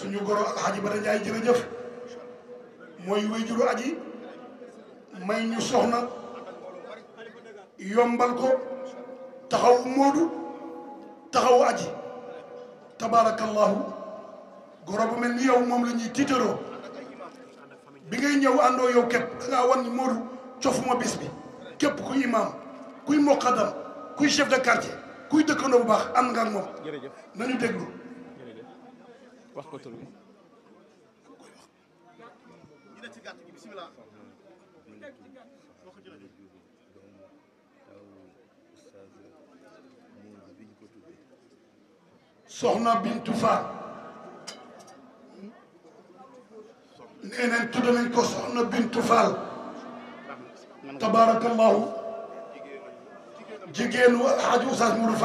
suñu goro alxaji Bada Njaay jërëjëf mooy wéyjuru aji may ñu soxna yombal ko taxaw moodu taxaw aji tabarakallahu goro bu mel ni yow moom la ñuy tiitaroo bi ngay ñëw àndoo yow képp da ngaa wan ni moodu cofuma bis bi képp kuy imaam kuy moqadam kuy chef de quartier kuy dëkkandoo bu baax am nga ak moom nañu déglu wax ko tur bi. soxna Bintu Fall nee nañ tudd soxna Bintu Fall tabaarakallaahu jigéenu Alxaaji Oustaz Mourou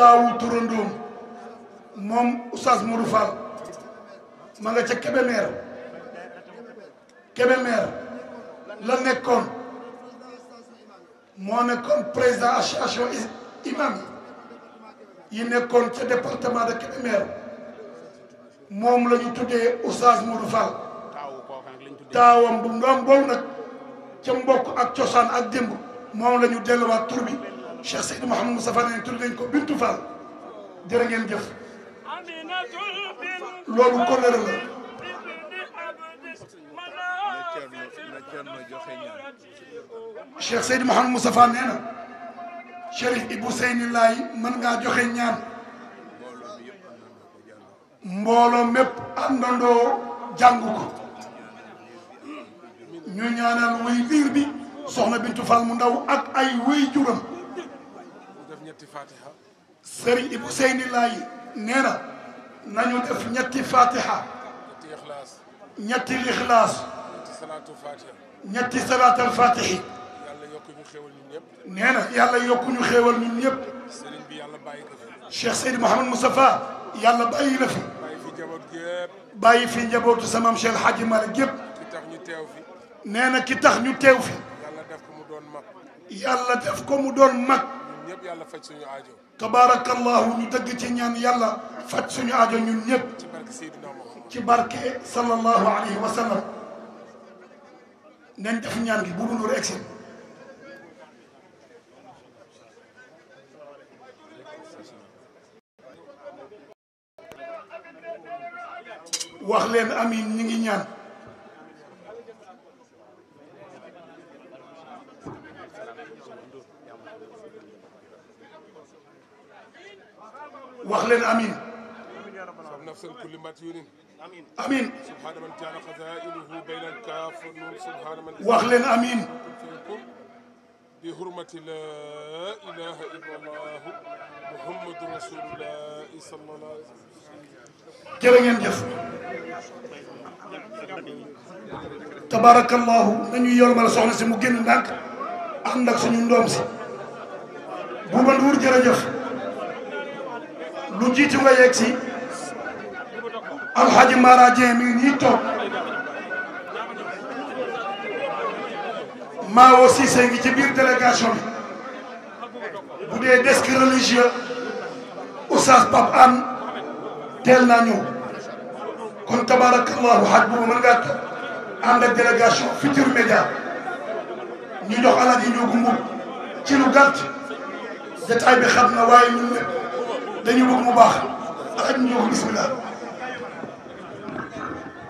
taawu turandoom moom Oustaz Modou Fall ma nga ca Kébémer Kébémer la nekkoon moo nekkoon président association imam yi nekkoon ca département de Kébémer moom la ñu tuddee Oustaz Modou Fall taawam bu ndoom boobu nag ca mbokk ak cosaan ak démb moom la ñu delluwaat tur bi Cheikh Seydou Mouhamadou Moustapha ne tudd nañ ko Bintu Fall jërë jëf loolu kóllëre la. Cheikh Seydi Mouhamed Moustapha nee na Cheikh Ibou Seyni Laay mën ngaa joxe ñaan mbooloo mépp àndandoo jàng ko ñu ñaanal wuy biir bi soxna Bintu Fall mu ndaw ak ay wuy juram Serigne Ibou Seyni Laay nee nañu def ñetti fatiha ñetti ixlaas ñetti ixlaas ñetti salaatul fatihi yàlla yokku ñu xéewal ñun ñëpp nee na yàlla yokku ñu xéewal ñun ñëpp sëriñ bi yàlla bàyyi ko fi Cheikh Seydi Mouhamed Moustapha yàlla bàyyi la fi bàyyi fi njaboot gépp bàyyi fi njabootu samaam Cheikh Hadji Malick gépp ki tax ñu teew fi nee na ki tax ñu teew fi yàlla def ko mu doon mag yàlla def ko mu doon mag ñun ñëpp yàlla faj suñu aajo. tabaarakallahu ñu dëgg ci ñaan yàlla faj suñu aajo ñun ñëpp. ci barke Seydina Muhammad ci barke sallallahu alayhi wa sallam. nañ def ñaan gi bu dul egsi. wax leen amiin ñu ngi ñaan. wax leen amin amin wax leen amin bi hurmati laa ilaaha illallaah muhammadu rasuulullaah sallallaahu alayhi wa sallam jërë ngeen jëf tabaarakallaahu nañu yolmal soxna si mu génn ndànk ànd ak suñu ndoom si Buuba Nduur jërëjëf jiitu nga yegg si alxaji Mara Dieng mi ngi nii ngi ci biir délégation desk religieux Oustaz Pape Anne teel naa ñëw kon tabarakallahu xaj boobu mën ngaa ànd ak délégation Futurs Médias ñu jox alal yi ñoo gumbu ci lu gàtt jataay bi xam na waaye ñun dañu bëgg mu baax alaj ñu ko bismillah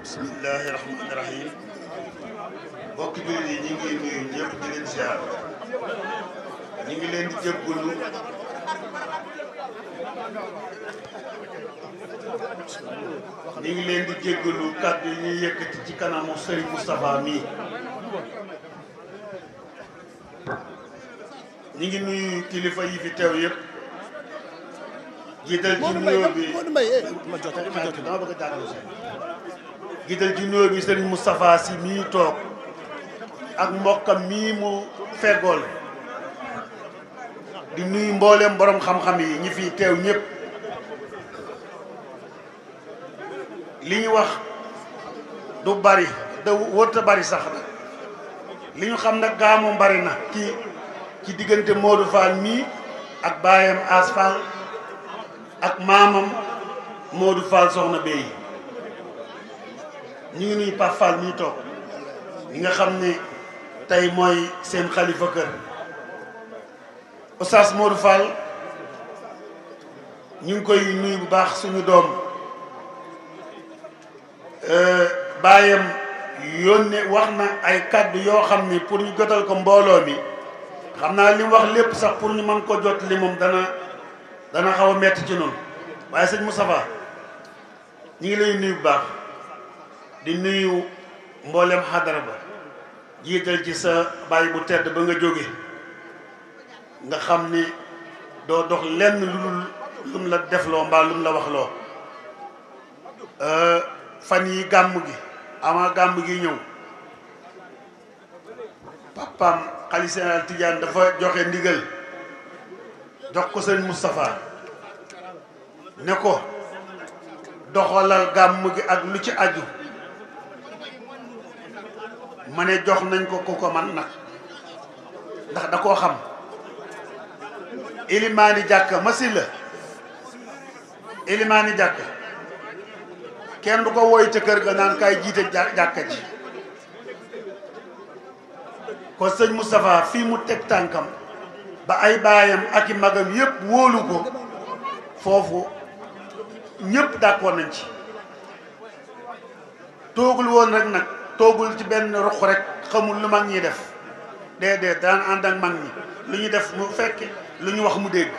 bismillahi rahmani rahim mbokk jullit yi ñu ngi leen ziar ñu ngi leen di jéggalu ñu ngi leen di jéggalu kàddu yi ñuy yëkkati ci kanamu Serigne Moustapha mii ñu ngi nuyu kilifa yi teew yëpp jiital ci bi Modou Mbaye eh, ma a jàngal jiital ci mii toog ak mbokkam mii mu feggool di nuyu mbooleem borom xam-xam yi ñi fi teew ñëpp li ñu wax du bari da wërta bari sax na li ñu xam nag gaamu bari na ci ci diggante Modou mii ak baayam As ak maamam Modou Fall soxna Bey ñu ngi nuyu Pape Fall mi toog ñi nga xam ne tey mooy seen xalifa kër Oustaz Modou Fall ñu ngi koy nuy bu baax suñu doom euh, baayam yónne wax na ay kàddu yoo xam ne pour ñu jotal ko mbooloo mi xam naa li wax lépp sax pour ñu mën ko jot li moom dana dana xaw a metti ci noonu waaye sëñ Moustapha ñi ngi lay nuyu bu baax di nuyu mboolem xadara ba jiital ci sa bàyyi bu tedd ba nga jóge nga xam ni doo dox lenn lu lum la defloo mbaa lum la waxloo euh, fan yi gàmm gi avant gàmm gi ñëw papaam xalifa général dafa joxe ndigal jox ko sëñ Moustapha ne ko doxalal gàmm gi ak lu ci aju ma ne jox nañ ko ku ko man nag ndax da koo xam ilimaani jàkka masi la ilimaani jàkka kenn du ko woy ca kër ga naan kay jiite jàkka ji kon sëñ Moustapha fii mu teg tànkam ba ay baayam ak i magam yépp wóolu ko foofu ñëpp d'accord nañ ci toogul woon rek nag toogul ci benn ruq rek xamul lu mag ñi def déedéet daan ànd mag ñi lu ñu def mu fekk lu ñu wax mu dégg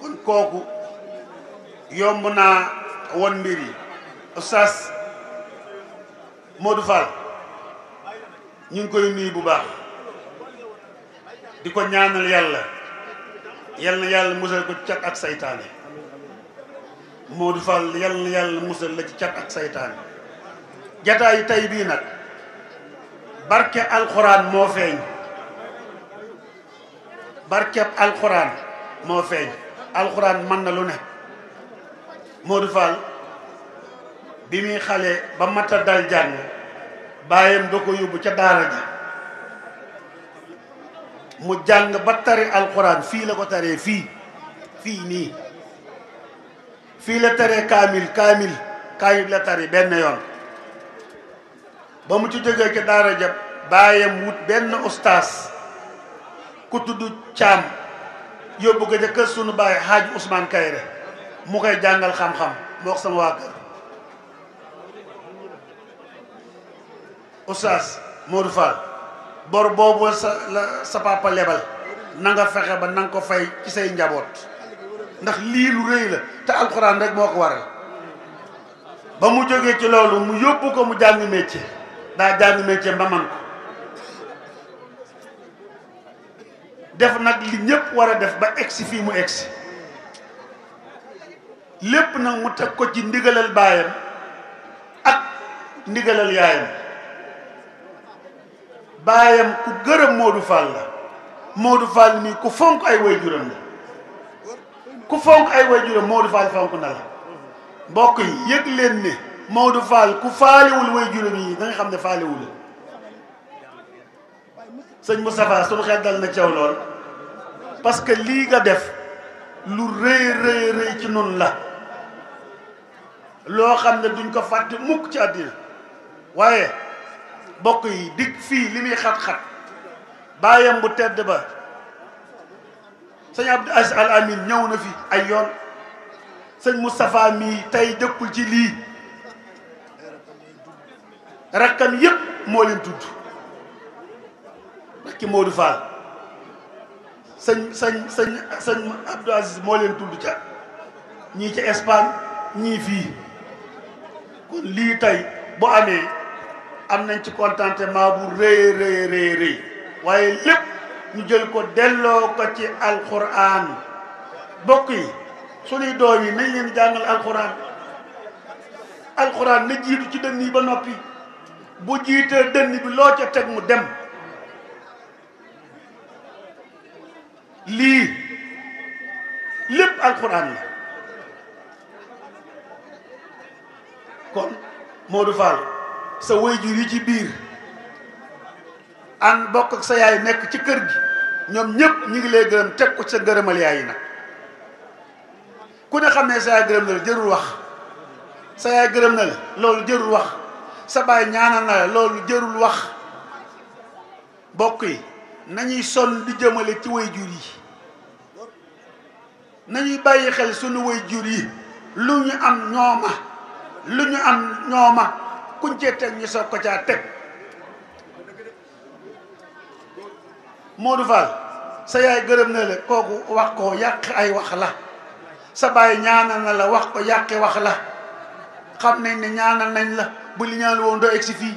kon kooku yomb naa won mbir yi oustaz Modou Fall ñu ngi koy nuyu bu baax di ko ñaanal yàlla yàlla na yàlla musal ko cat ak saytaane Modou Fall yal na yàlla musal la ci cat ak saytaane jataayu tey bii nag barke alxuraan moo feeñ barkeb alxuraan moo feeñ alxuraan mën na lu ne Modou Fall bi muy xale ba mata dal jàng bàyyam da ko yóbbu ca daara ji mu jàng ba tari alxuraan fii la ko taree fii fii nii fii la taree kaamil kaamil kaamil la tari benn yoon ba mu ci jógee ci daara ja bàyyam wut benn ustaas ku tudd caam yóbbu ko ca sunu bàyyi xaaj Ousmane Kayre mu koy jàngal xam-xam moo wax sama waa kër ustaas Modou Fall bor boobu sa la sa papa lebal fexe ba nanga ko fay ci say njaboot ndax lii lu rëy la te alxuraan rekk moo ko waral ba mu jógee ci loolu mu yóbbu ko mu jàng métier daa jàng métier ba man ko def nag li ñëpp war a def ba egsi fii mu egsi lépp nag mu teg ko ci ndigalal baayam ak ndigalal yaayam baayam ku gërëm Modou Fall la Modou Fall nii ku fonk ay waajuram la ku fonk ay waajuram Maodo Fall fonk na la mbokk yi yëg leen ne Maodo Fall ku faaliwul waajuram yi da nga xam ne faaliwul la sëñ Moustapha sunu xel dal na caw lool parce que lii nga def lu rëy rëy rëy ci noonu la loo xam ne duñ ko fàtte mukk ci àddina waaye bokk yi dig fii li muy xat-xat bàyyam bu tedd ba sëñ Abdou Aziz Al Amin ñëw na fi ay yoon sëñ Moustapha mii tey dëkkul ci lii rakkam yëpp moo leen tudd rakki Modou Fall sëñ sëñ sëñ sëñ Abdou Aziz moo leen tudd ca ñii ci Espagne ñii fii kon lii tey bu amee am nañ ci contentement bu rëy rëy rëy waaye lépp ñu jël ko delloo ko ci alquran bokk yi suñuy doom yi nañ leen jàngal alquran alquran na jiitu ci dënn yi ba noppi bu jiitee dënn bi loo ca teg mu dem lii lépp alquran la kon Modou Fall sa waajur yi ci biir an bokk sa yaay nekk ci kër gi ñoom ñëpp ñu ngi lay gërëm teg ko sa gërëmal yaay yi nag ku ne xam ne sa yaay gërëm na la jërul wax sa yaay gërëm na la loolu jërul wax sa baay ñaanal na la loolu jërul wax bokk yi nañuy sonn di jëmale ci way jur yi nañuy bàyyi xel suñu way jur yi lu ñu am ñooma lu ñu am ñooma kuñ cee teg ñu soog ko caa teg Modou Fall sa yaay gërëm na la kooku wax ko yàq ay wax la sa baay ñaanal na la wax ko yàqi wax la xam nañ ne ñaanal nañ la bu li ñaan woon doo egsi fii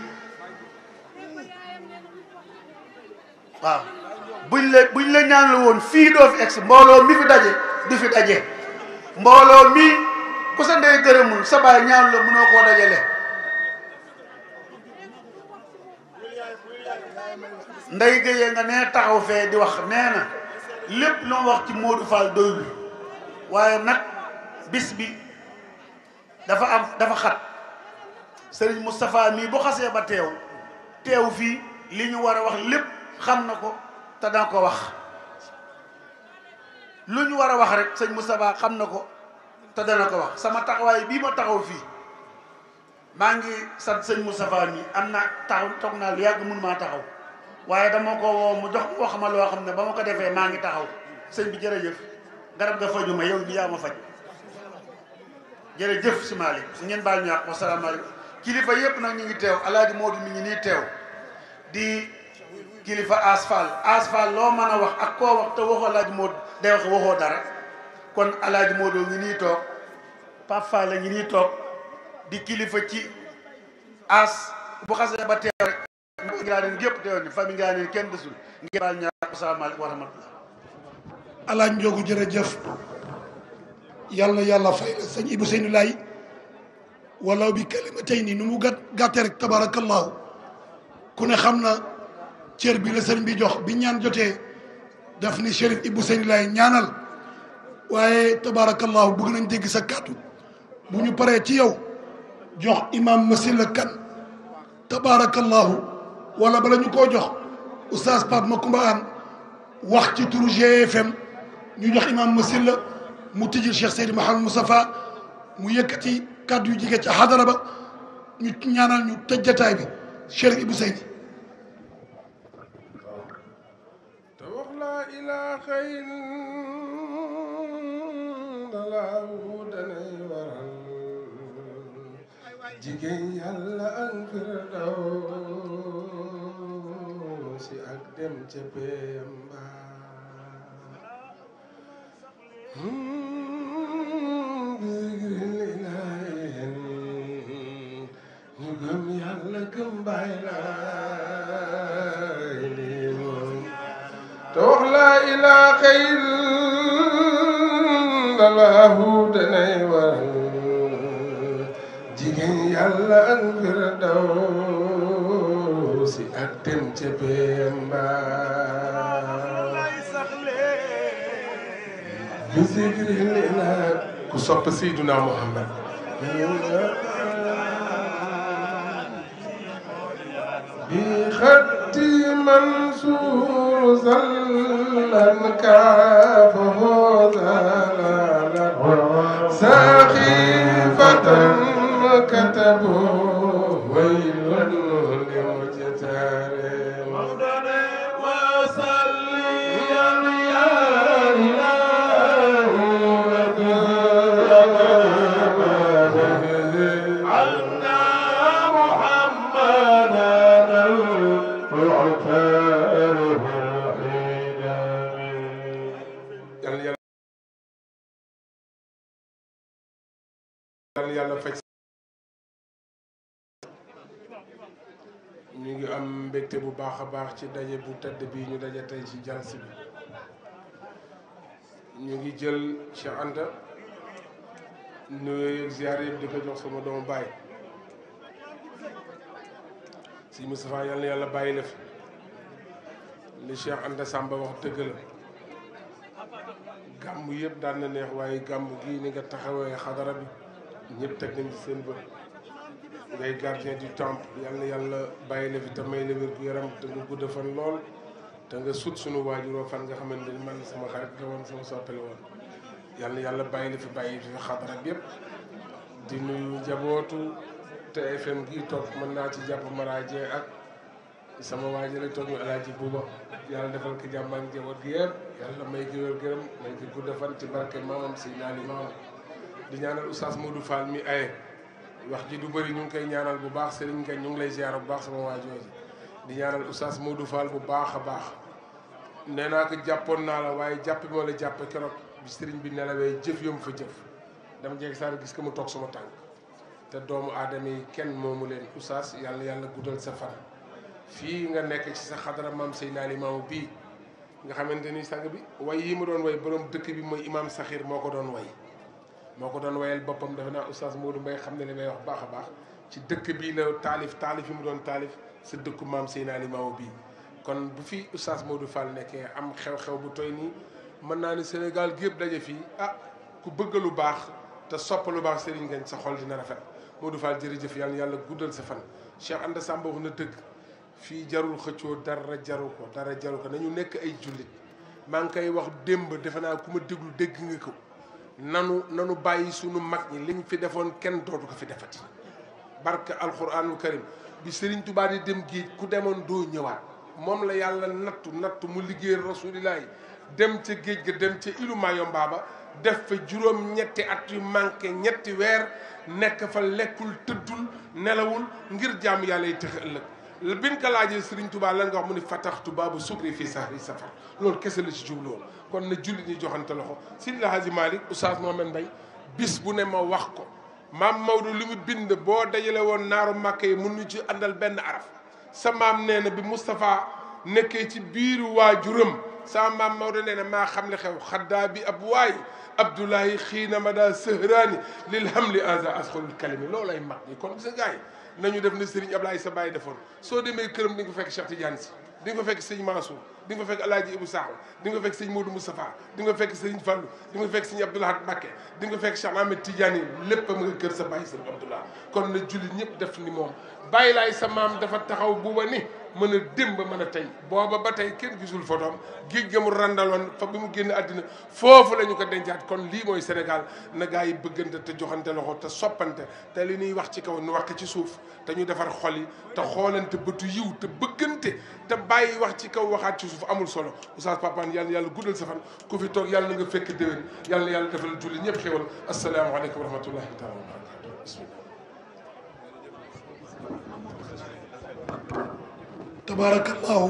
waaw buñ la buñ la ñaan woon fii doo fi si mbooloo mi fi daje du fi daje mbooloo mi ku sa ndey gërëmul sa baay ñaan la mënoo koo dajale nday Gueye nga ne taxaw fee di wax nee na lépp lu ma wax ci Modou Fall doyul waaye nag bis bi dafa am dafa xat sëñ Moustapha mii bu xasee ba teew teew fii li ñu war a wax lépp xam na ko te danga ko wax lu ñu war a wax rek sëñ Moustapha xam na ko te dana ko wax sama taxawaay bii ma taxaw fii maa ngi sant sëñ Moustapha mi am naa taxaw toog naa lu yàgg mun maa taxaw waaye dama ko woo mu jox wax ma loo xam ne ba ma ko defee maa ngi taxaw sëñ bi jërëjëf garab ga faju yow bi yaa ma faj jërëjëf si Malick ngeen baal ñu àq wasalaamaaleykum kilifa yëpp nag ñu ngi teew alaaji Moodu mi ngi nii teew di kilifa asfal asfal loo mën a wax ak koo wax te waxoo alaaji Moodu day wax waxoo dara kon moo Moodu ngi nii toog Pape la ngi nii toog di kilifa ci as bu xasee ba teew rek mbokk Njaaréen kenn desul ngeen baal ñaar asalaamaaleykum wa rahmatullah alaaj njoogu jërëjëf yàlla yàlla fay la sëñ Ibou Seynou Laye walaw bi kalimatayni ni mu gàtt gàtte rek tabarakallahu ku ne xam na cër bi la sëriñ bi jox bi ñaan jotee daf ni Chérif Ibou Seynou Laye ñaanal waaye tabarakallahu bëgg nañ dégg sa kàddu bu ñu paree ci yow jox imam Masila Kane tabarakallahu wala bala ñu koo jox oustaz Pape ci turu GFM ñu jox imam Masilla mu tijjil Cheikh Seydi Mouhamed mu yëkkati kàddu yu jige ci xadara ba ñu ñaanal ñu bi Cheikh te wax laa ilaaha illallaah dem ca peyam ba ñu gëm yàlla gëm baay laay lii moom te wax laa ilaaha illallahu danay war jigéen yàlla ak firdaw si ak tem ca Pemba bi zikri lena ku sopp Seydina Muhammad bi xatti Mansuur zallan kaafahu zalala baax ci daje bu tedd bii ñu daje tey ci jans bi ñu ngi jël Cheikh Anta nuyoo yeeg ziar yëpp di jox sama doomu baay si Moustapha yal na yàlla bàyyi la fi li Cheikh Anta Samba wax dëgg la gàmm yëpp daan na neex waaye gàmm gii ni nga taxawee xadara bi ñëpp teg nañ seen bët. ngay gardien du temple yal na yàlla bàyyi la fi te may la wér yaram te nga gudd fan lool te nga sut suñu waajuroo fan nga xamante ni man sama xarit nga woon sama soppali woon yal yàlla bàyyi la fi bàyyi fi xadara bi jabootu TFM gi toog mën naa ci jàpp maraaje ak sama waa ji lay toog ñu alaaji buuba yàlla defal ko jàmm njaboot gi yëpp yàlla may gi wér gërëm may fan ci barke maamam si naani maamam di ñaanal oustaz Modou Fall mi aye wax ji du bëri ñu ngi koy ñaanal bu baax Serigne Ngagne ñu ngi lay ziar bu baax sama waa jooju di ñaanal Oustaz Modou Fall bu baax a baax nee naa ko jàppoon naa la waaye jàpp moo la jàpp keroog bi Serigne bi nelawee jëf yom fa jëf dama jeeg saar gis ko mu toog sama tànk te doomu aadama yi kenn moomu leen Oustaz yàlla yàlla guddal sa fan fii nga nekk ci sa xadara maam Seydina Limaamu bii nga xamante ni sang bi way yii ma doon way borom dëkk bi mooy imaam Saxiir moo ko doon way moo ko doon wayal boppam defe naa oustaz Modou Mbaye xam ne li may wax baax a baax ci dëkk bii la taalif taalif yi mu doon taalif sa dëkku maam Seydina Limaamu bii kon bu fi oustaz du Fall nekkee am xew-xew bu toy nii mën naa ni Sénégal gi yëpp daje fii ah ku bëgg lu baax te sopp lu baax Serigne Ngagne sa xol dina rafet Modou Fall jërëjëf yàlla yàlla guddal sa fan Cheikh Anta Samb wax na dëgg fii jarul xëccoo dara jaru ko dara jaru ko nañu nekk ay jullit maa ngi koy wax démb defe naa ku ma déglu dégg ko nanu nanu bàyyi sunu mag ñi li liñ fi defoon kenn dootu ko fi defati barke alxuraanul karim bi Serigne Touba di dem géej ku demoon doo ñëwaat moom la yàlla nattu nattu mu liggéeyal rasulilah dem ca géej ga dem ca ilu Mayomba ba def fa juróom ñetti at yu manqué ñetti weer nekk fa lekkul tëddul nelawul ngir jaamu yàlla yi tëx ëllëg biñ ko laajee Serigne Touba lan nga wax mu ni fataxtu baabu sukri fii sahri safar loolu kese la ci jublu woon kon na julli ñi joxante loxo Sidi El Hadji Malick Oustaz Mohamed Mbaye bis bu ne ma wax ko maam Maodo li mu bind boo dajale woon naaru màkk yi mun ñu ci àndal benn araf sa maam nee na bi mustafa nekkee ci biiru waajuram sa maam Maodo nee na maa xam li xew xaddaa bi ab waay Abdoulahi xiinama daa sëhraani lil hamli aza asxolul kalimi loolay mag ñi kon sa gars yi nañu def ne Serigne Ablaye sa bàyyi defoon soo demee kër di nga ko fekk Cheikh Tidiane si di nga ko fekk Serigne Mansour di nga fekk alaaji Ibu Saaxu di nga fekk sëñ Modou Moustapha di nga fekk sëñ Fallou di nga fekk sëñ Abdoulahat Mbacké di nga fekk Cheikh Ahmed Tidiane lépp mu nga kër sa bàyyi sëñ Abdoulah kon na jullit ñëpp def ni moom bàyyi sa maam dafa taxaw buuba ni mën a démb mën a tey booba ba tey kenn gisul fotoom géej ga mu randaloon fa bi mu génn àddina foofu la ñu ko dencaat kon lii mooy Sénégal na gaa yi bëggante te joxante loxo te soppante te li ñuy wax ci kaw nu wax ko ci suuf te ñu defar xol yi te xoolante te bëggante te wax ci kaw waxaat ci suuf suuf amul solo oustaz Papaane yàlla yàlla guddal sa fan ku fi toog yàlla nga fekk déwén yàlla yàlla defal julli ñëpp xéwal asalaamaaleykum wa rahmatullahi taala wa barakatu bismillah tabaarakallaahu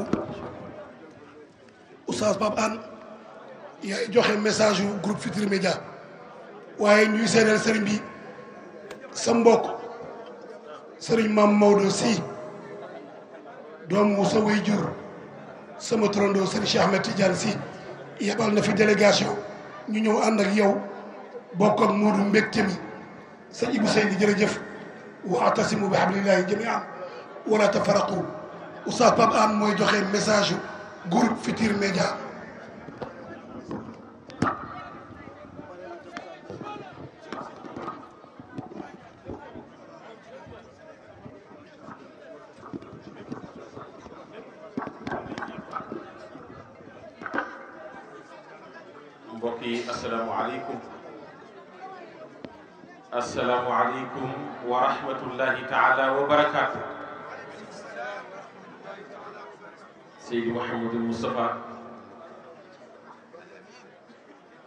oustaz joxe message wu groupe Futurs Médias waaye ñuy seedeel sëriñ bi sa mbokk sëriñ Maodo si doomu sa way sama turandoo sëñ Cheikh Ahmed Tidiane si yebal na fi délégation ñu ñëw ànd ak yow bokk ak Moodu mbégte mi sëñ Ibou Seydi jërëjëf wa'tasimu bi hablillahi jami'an wala tafaraqu oustaz Pape An mooy joxe message yu groupe Futurs Mouhamadul Moustapha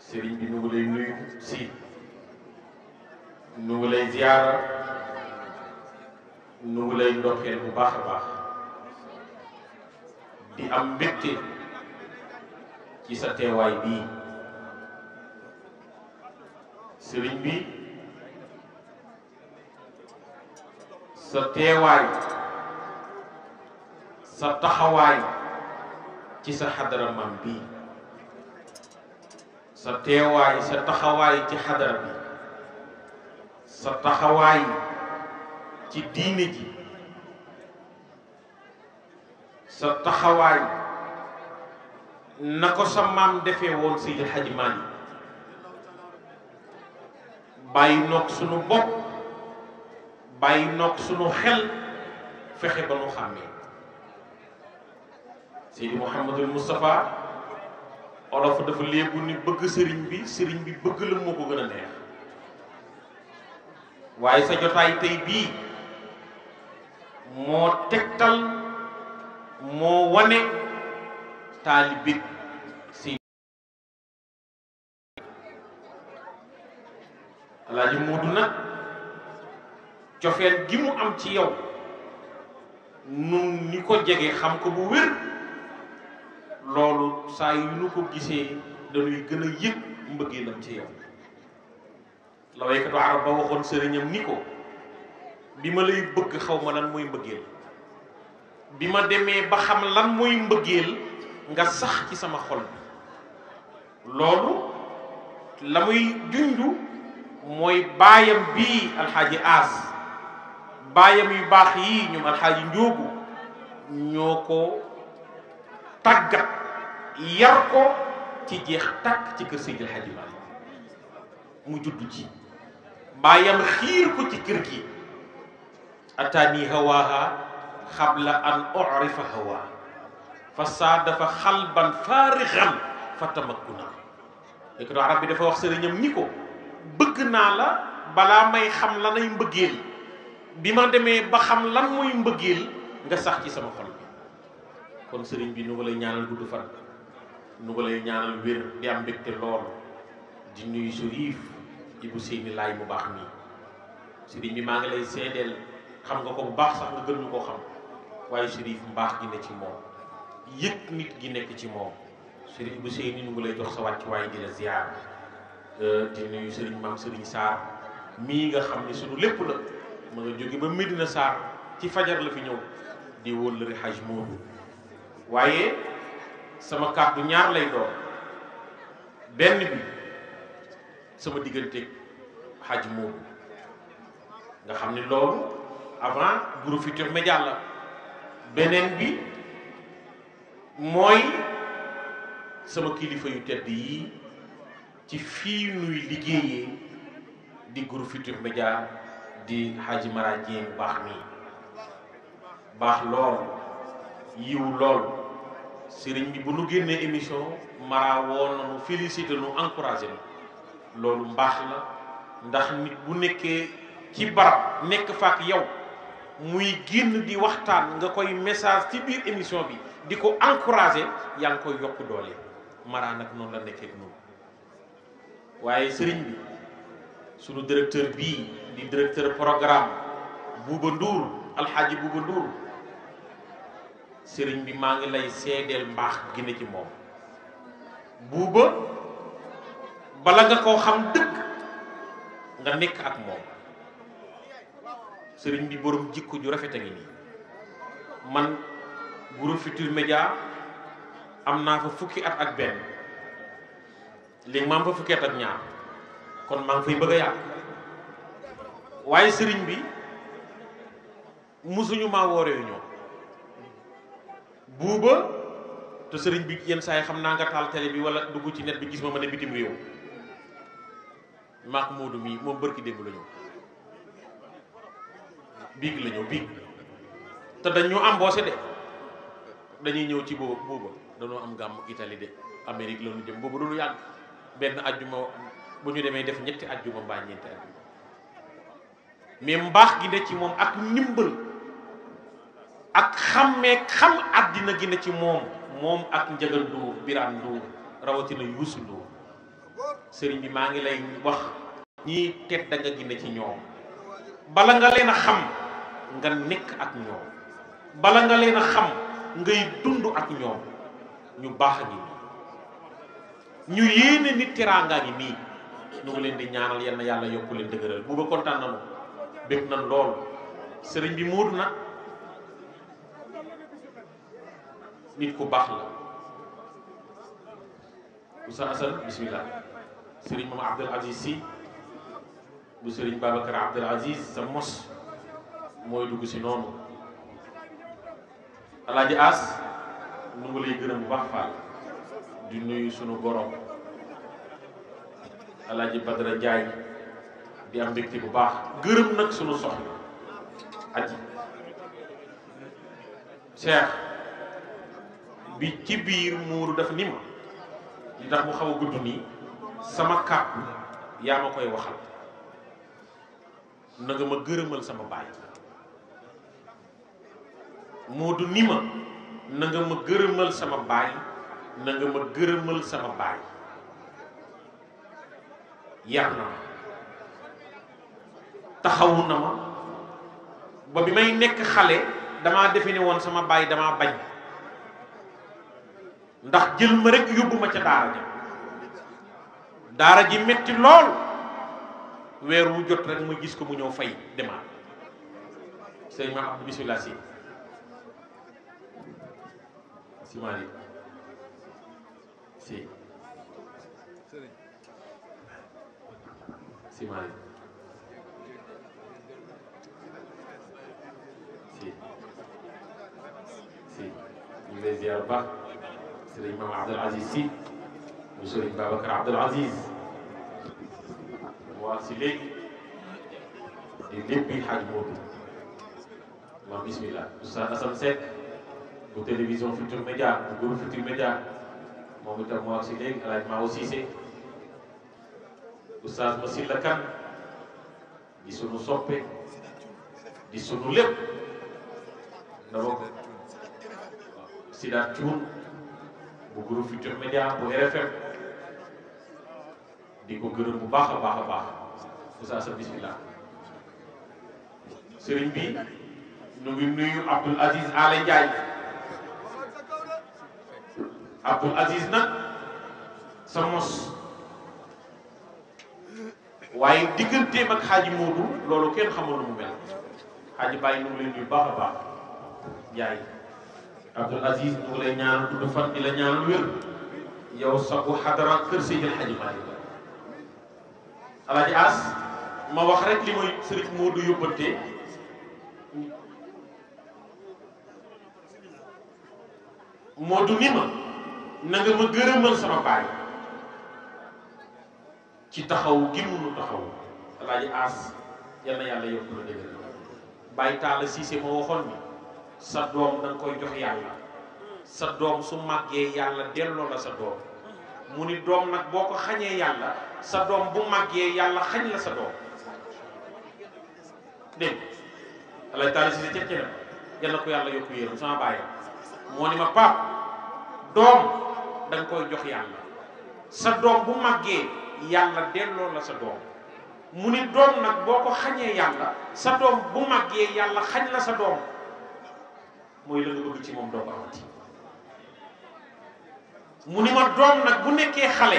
sëriñ bi ñu lay nuyu si ñu ngi lay ziyaara ñu bu baax baax di am mbégte ci sa teewaay bii sëriñ bi sa teewaay sa taxawaay ci sa xadara maam bii sa teewaay sa taxawaay ci xadara bi sa taxawaay ci diine ji sa taxawaay na ko sa maam defee woon Seydi Hadji Malick bàyyi noog sunu bopp bàyyi noog sunu xel fexe ba nu xàmmee Seydi Mouhamadul Moustapha olof dafa léebu ni bëgg sëriñ bi sëriñ bi bëgg la moo ko gën a neex waaye sa jotaay tey bii moo tegtal moo wane taalibit si alaaji Moodu nag gi mu am ci yow nun ni jege xam ko bu loolu saa yu nu ko gisee dañuy gën a yëg mbëggeelam ci yow la arab ba waxoon sëriñam ni ko bi ma lay bëgg xaw ma lan mooy mbëggeel bi ma demee ba xam lan mooy mbëggeel nga sax ci sama xol bi loolu la muy junju mooy baayam bii alxaaji aas baayam yu baax yi ñoom alxaaji njóogu ñoo ko tàggat yar ko ci jeex tàkk ci kër Seydil Hadji Malick mu juddu ci baayam xiir ko ci kër gi ataani hawaaha xabla an urifa hawaa fa saadafa xalban faarixan fa tamakkuna léegi doo arab bi dafa wax sëriñam ni ko bëgg naa la balaa may xam lanay mbëggeel bi ma demee ba xam lan mooy mbëggeel nga sax ci sama xol bi kon sëriñ bi nu ko lay ñaanal gudd fan nu ko lay ñaanal wér di am te lool di nuyu Cherif Ibou Seyni Laay mu baax nii sëriñ bi maa ngi lay seedeel xam nga ko bu baax sax nga gën ko xam waaye Cherif mbaax gi ne ci moom yëg nit gi nekk ci moom Cherif Ibou Seyni nu ngi lay jox sa wàccuwaay di la ziar euh, di nuyu sëriñ maam sëriñ Sarr mii nga xam ne sunu lépp la ma nga jóge ba Medina Sarr ci fajar la fi ñëw di wóllëri haj moodu waaye sama kàddu ñaar lay doon benn bi sama diggante xaj moomu nga xam ni loolu avant Groupe Futurs Médias la beneen bi mooy sama kilifa yu tedd yi ci fii nuy liggéeyee di Groupe Futurs di xaji Mara Dieng baax mi baax lool yiw lool sëriñ bi bu nu génnee émission mara woo na mu félicité nu encouragé loolu mbaax la ndax nit bu nekkee ci barab nekk fa ak yow muy génn di waxtaan nga koy message ci biir émission bi di ko encouragé yaa ngi koy yokk doole mara nag noonu la nekkee noonu waaye sëriñ bi sunu directeur bii di directeur programme Bouba Ndour alxaaji Bouba Ndour sëriñ bi maa ngi lay seedeel mbaax gi ci moom buuba bala nga koo xam dëkk nga nekk ak moom sëriñ bi borom jikko ju rafet ngi nii man groupe Futurs Médias am naa fa fukki at ak benn léegi ma am fa fukki at ak ñaar kon maa ngi fay bëgg a yàgg waaye sëriñ bi musuñu maa wooree buuba te sëriñ bi yenn saa yi xam naa nga taal télé bi wala dugg ci net bi gis ma ma ne bitim réew maak Moodu mii moom bërki démb lañu ñëw biig la biig te dañ ñu embauché dañuy ñëw ci booba booba dañoo am gàmm Italie de Amérique la ñu jëm boobu du lu yàgg benn ajjuma bu ñu demee def ñetti ajjuma mbaa ñeenti ajjuma mais mbaax gi de ci moom ak ndimbal ak xàmmee xam àddina gi na ci moom moom ak njëgal Ndour Birane Ndour rawatina Youssou Ndour sëriñ bi maa ngi lay wax ñi tedd nga gi ci ñoom bala nga leen a xam nga nekk ak ñoom bala nga leen a xam ngay dund ak ñoom ñu baax a ngi nii ñu yéene nit teraanga nii ñu ngi leen di ñaanal yenn yàlla yokku leen dëgëral bu ba kontaan nanu bég lool sëriñ bi muudu nag nit ku baax la Moussa Assane bismillah sëriñ moom Abdul Aziz si bu sëriñ Babacar Abdul Aziz sa mos mooy dugg ci noonu alaaji As nu ngi lay gërëm bu baax faal di nuyu sunu borom alaaji Badara Njaay di am mbégte bu baax gërëm nag sunu soxna aji Cheikh bi ci biir muuru dafa ni ma li tax mu xaw a gudd nii sama kàddu yaa ma koy waxal na nga ma gërëmal sama baay moo du ni ma na nga ma sama baay na nga ma gërëmal sama baay yar na ma taxawu na ma ba bi may nekk xale damaa defe ne woon sama baay damaa bañ ndax jël ma rek yóbbu ca daara ja daara ji metti lool weer wu jot rek ma gis ko mu ñëw fay demaat sëñ ma ab bismillah si simaani si simaani si si ñu lay ziar baax sëriñ Mame Abdoul Aziz Sy mu sëriñ Babacar Abdoul Aziz mu wax si léegi di léppi xaaj Moodu ma bismillah Oustaz Assane Seck bu télévision Futur Média bu groupe Futur Média moom itam mu wax si léegi alaaj Mao Cissé Oustaz Massila Kane di sunu soppe di sunu lépp na bokk Sidaat Cuun bu groupe ma Médias bu RFM di ko gërëm bu baax a baax a baax Oustaz sa bismillah sëriñ bi ñu ngi nuyu Abdoul Aziz Alé Ndiaye Abdoul Aziz nag sa mos waaye digganteem ak xaaji Moodu loolu kenn xamoon na mu mel xaaji bàyyi nu ngi leen nuyu baax a baax Ndiaye Abdoul Aziz ñu la ñaanal wér yow sagu xadara kër Seydil Hadji Malick Alaaji As ma wax rek li muy Serigne Modou yóbbante Modou ni ma na ma gërëmal sama baay ci taxaw gi mu taxaw Alaaji yal na yàlla yokk la dëgg Baye Talla Cissé moo waxoon ni sa doom da nga koy jox yàlla sa doom su màggee yàlla delloo la sa doom mu ni doom nag boo ko xañee yàlla sa doom bu màggee yàlla xañ la sa doom ko yàlla yokku yéeram sama ma pap doom da nga koy jox yàlla sa doom bu màggee yàlla delloo la sa doom mu ni doom nag boo ko xañee yàlla sa doom bu màggee yàlla xañ la sa doom mooy la nga bëgg ci moom doo ko amati mu ni ma doom nag bu nekkee xale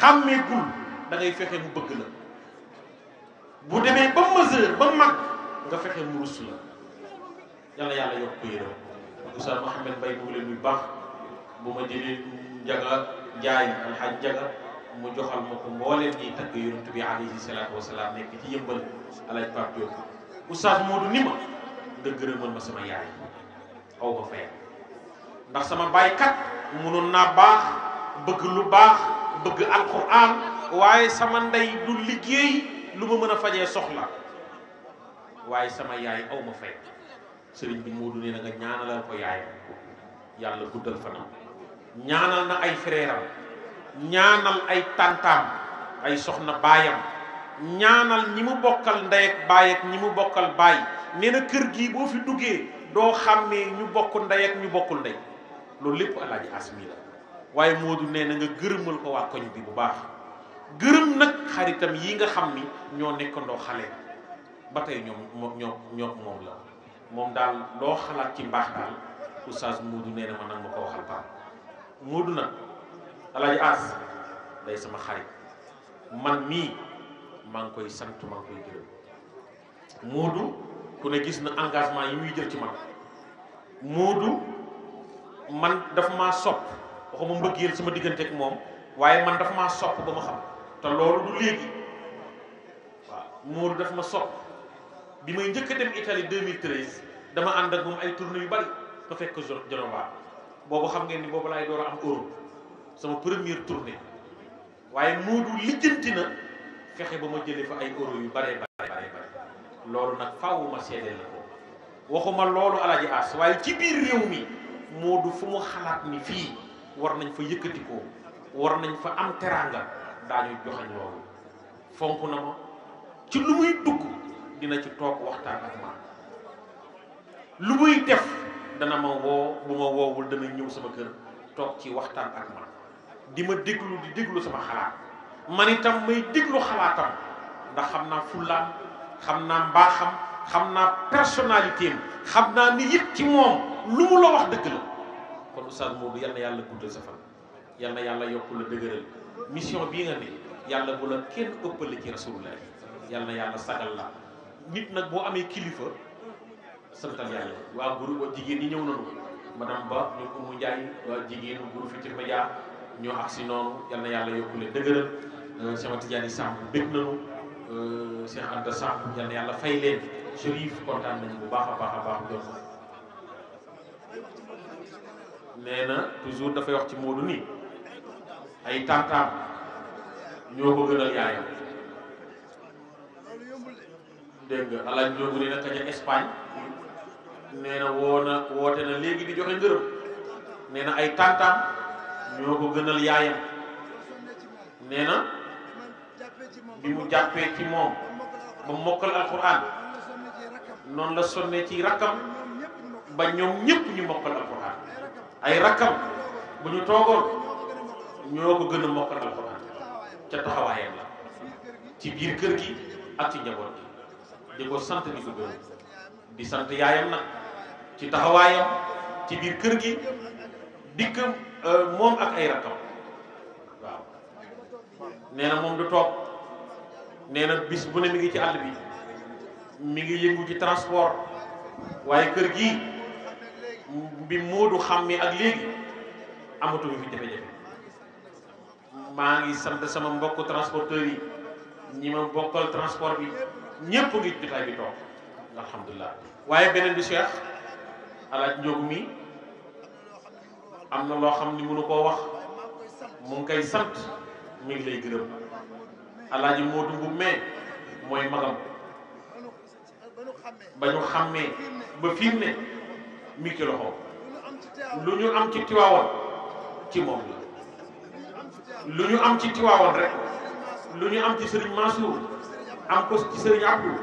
xàmmeegul da ngay fexe mu bëgg la bu demee ba mesure ba mag nga fexe mu rus la yàlla yàlla yokk ko yërëm Moussa Mouhamed Mbaye mu ngi leen bu baax bu ma jëlee njaga njaay alxaaj njaga mu joxal ma ko mbooleem ñiy tagg yonent bi alayhi salaatu wasalaam nekk ci yëmbal alaaj Pape Diop oustaz Modou ni ma nga gërëmal ma sama yaay aw ma ndax sama baykat mënoon naa baax bëgg lu baax bëgg alquran waaye sama ndey du liggéey lu ma mën a fajee soxla waaye sama yaay aw ma fayam sëriñ bi Moodu nee na nga ñaanalal ko yaay yàlla guddal fanam ñaanal na ay frèram ñaanal ay tantaam ay soxna baayam ñaanal ñi mu bokkal ndey ak ñi mu bokkal baay nee na kër gi boo fi duggee doo ne ñu bokk ndey ak ñu bokkul ndey loolu lépp alaaji asmi la waaye Moodu nee na nga gërëmal ko waa koñ bi bu baax gërëm nag xaritam yi nga xam ni ñoo nekkandoo xale ba tey ñoom ñoo ñoo moom la moom daal loo xalaat ci mbaax daal oustaz Moodu nee na ma nag ma ko waxal baax Moodu nag alaaji as day sama xarit man mii maa ngi koy sant maa ngi koy gërëm Moodu ku ne gis na engagement yi muy jël ci man Moodu man dafa maa sopp waxuma mbëggeel sama diggante ak moom waaye man dafa maa sopp ba ma xam te loolu du léegi waaw Moodu dafa ma sopp bi may njëkk a dem Italie 2013 dama ànd ak moom ay tournée yu bari ma fekk Genova boobu xam ngeen ni boobu laay door a am Europe sama première tournée waaye Moodu lijjanti na fexe ba ma jëlee fa ay euro yu bare loolu nag faaw ma seedeel la ko waxuma loolu alaji as waaye ci biir réew mi moo du fu mu xalaat ni fii war nañ fa yëkkatikoo war nañ fa am teraanga daañu joxañ loolu fonk na ma ci lu muy dugg dina ci toog waxtaan ak ma lu muy def dana ma woo bu ma woowul dana ñëw sama kër toog ci waxtaan ak ma di ma déglu di déglu sama xalaat man itam may déglu xalaatam ndax xam naa fullaam xam naa mbaaxam xam naa personnalité am xam naa ni yëpp ci moom lu mu la wax dëgg la kon oustaz Modou yal na yàlla guddal sa fan yal yàlla yokk la dëgëral mission bii nga ne yàlla bu la kenn ëppale ci rasulullah yal na yàlla sagal la nit nag boo amee kilifa santal yàlla waa groupe jigéen ñi ñëw nañu madame Ba ñu ko mu Ndiaye waa jigéenu groupe Futurs Médias ñoo ak si noonu yal yàlla yokk la dëgëral sama euh, Tidiane Samb bég nañu Euh, Cheikh Anta Sakho yal na yàlla fay leen Chérif kontaan nañu bu baax a baax a baax doon nee na toujours dafay wax ci Modou nii ay taam-taam ñoo ko gënal yaayam dégg nga alaaj ñoo na ay taam-taam ñoo ko gënal yaayam nee bi mu jàppee ci moom ba mokkal alquran noonu la sonne ci rakkam ba ñoom ñëpp ñu mokkal alquran ay rakkam bu ñu toogoon ñoo ko gën a mokkal alquran ca taxawaayam la ci biir kër gi ak ci njaboot gi di sant di ko gërëm di sant yaayam nag ci taxawaayam ci biir kër gi dikk euh, moom ak ay rakkam nee na moom du toog nee na bis bu ne mi ngi ci àll bi mi ngi yëngu ci transport waaye kër gi bi moodu xàmme ak léegi amatuñu fi jafe-jafe maa ngi sant sama mbokk transporteurs yi ñi ma bokkal transport bi ñëpp ngi jotaay bi toog alhamdulilah waaye beneen bi Cheikh alaaj njóogu mi am na loo xam ni mënu koo wax mu ngi koy sant mi ngi lay gërëm alaaji moodu bu mee mooy magam ba ñu xàmmee ba fi mu ne mi ki loxo lu ñu am ci tiwaawoon ci moom lu ñu am ci tiwaawoon rek lu ñu am ci sëriñ Mansour am ko ci sëriñ Abdou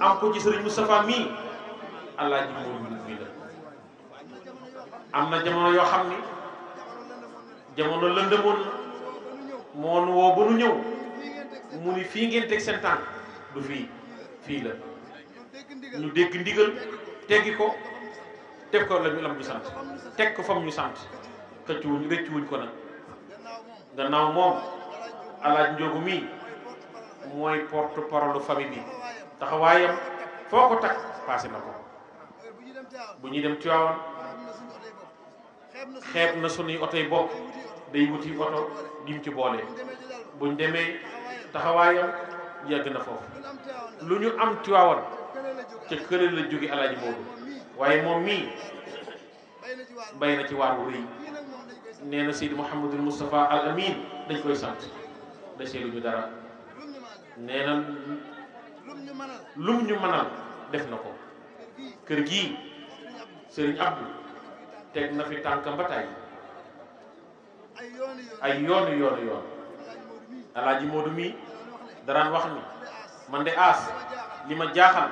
am ko ci sëriñ Moustapha mii alaaji moodu mii la am na jamono yoo xam ni jamono lëndëmoon na moonu woo ba nu ñëw mu ni fii ngeen teg seen tànk du fii fii la ñu dégg ndigal teggi ko teg ko la ñu lam ñu sant teg ko fam ñu sant këccuwuñ wéccuwuñ ko nag gannaaw moom alaaj njóogu mii mooy porte parole famille bi taxawaayam foo ko takk passé na ko bu ñuy dem Tiwaawan xeeb na su oto yi bopp day wuti oto dim ci boole buñ demee taxawaayam yegg na foofu lu ñu am Tiwaawan ca kële la jóge alaaji Moodu waaye moom mii bay na ci waar wu rëy nee na Seydi Mouhamadul Moustapha Al Amin dañ koy sant da see lu ñu dara nee na ñu mënal def na ko kër gi Sëriñ Abdou teg na fi tànkam ba tàyyi ay yoonu yoonu yoon alaaji Moodu mii daraan wax ni man de aas li ma jaaxal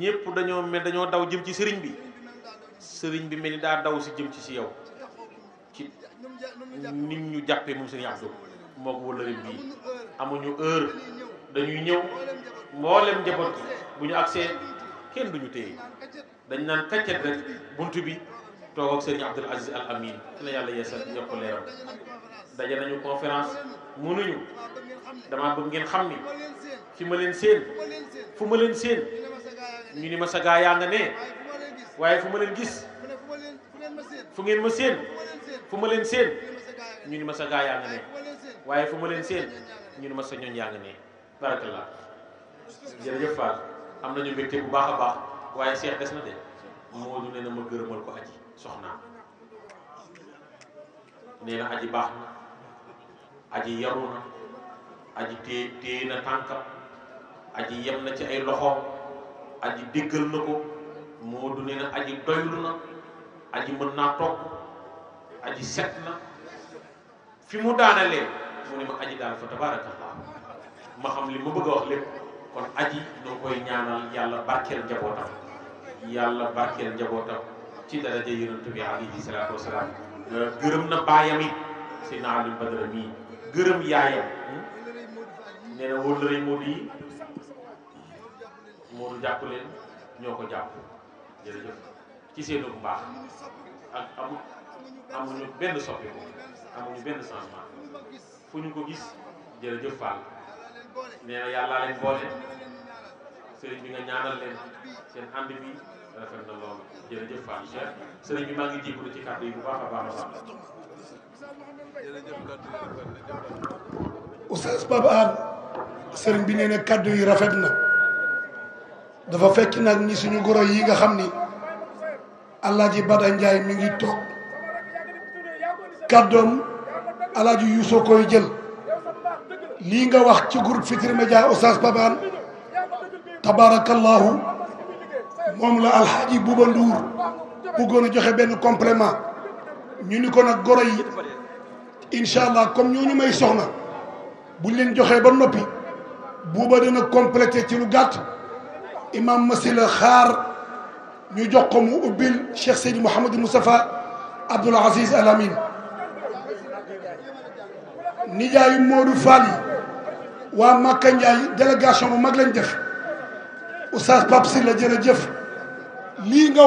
ñépp dañoo mel dañoo daw jëm ci sëriñ bi sëriñ bi mel ni daa daw si jëm ci si yow ci nit ñu jàppee moom sëriñ Abdou moo ko wëllërim bii amuñu heure dañuy ñëw mboolem njaboot bu ñu agsee kenn duñu téye dañ naan kaccet rek bunt bi toog ak sëriñ Abdul Aziz Al Amin ci la yàlla yokk leeram daje nañu conférence mënuñu dama bëgg ngeen xam ni fi ma leen seen fu ma leen seen ñu ni ma sa gaa yaa nga ne waaye fu ma leen gis fu ngeen ma seen fu ma leen seen ñu ni ma sa gaa yaa nga ne waaye fu ma leen seen ñu ni ma sa ñoñ yaa nga ne barakallah am nañu mbégte bu baax a baax waaye seex des na de Moodu nee na ma gërëmal ko aji soxnaa nee aji baax aji yaru na aji téye téye na tànkam aji yem na ci ay loxo aji déggal na ko moo du nee na aji doylu na aji mën naa toog aji set na fi mu daanale mu ne ma aji daal fa tabaarakallah ma xam li ma bëgg a wax lépp kon aji noo koy ñaanal yàlla barkeel njabootam yàlla barkeel njabootam ci daraja yonent bi alayhi salaatu wasalaam gërëm na baayam si naa badara mii gërëm yaayam nee na wóllëre Modou yi Modou jàpp leen ñoo ko jàpp jërëjëf ci seenu mbaax ak amu benn soppeeku amuñu benn changement fu ko gis jërëjëf Fall nee na yàllaa leen boole sëriñ bi nga ñaanal leen seen ànd bi rafet na lool jërëjëf Fall Cheikh sëriñ bi maa ngi jéggalu ci kàddu yi bu baax a baax a baax Oustaz Pape Hann sëriñ bi nee na kàddu rafet na dafa fekk na ñi suñu goro yi nga xam ni Alaaji Bada Njaay mi ngi toog kàddoom Alaaji Yuuso koy jël lii nga wax ci groupe Futurs Médias Oustaz Pape Hann tabaarakallaahu moom la Alxaaji Buuba Nduur bëggoon a joxe benn complément ñu ni ko nag goro incha allah comme ñooñu may soxna buñ leen joxee ba noppi buuba dina complété ci lu gàtt imam masila xaar ñu jox ko mu ubbil Cheikh Seydi Mouhamadou Moustapha Abdoul Aziz Al Amin nijaayu Modou Fall yi waa Makka Ndiaye délégation bu mag lañ def oustaz Pape Sylla jërëjëf lii nga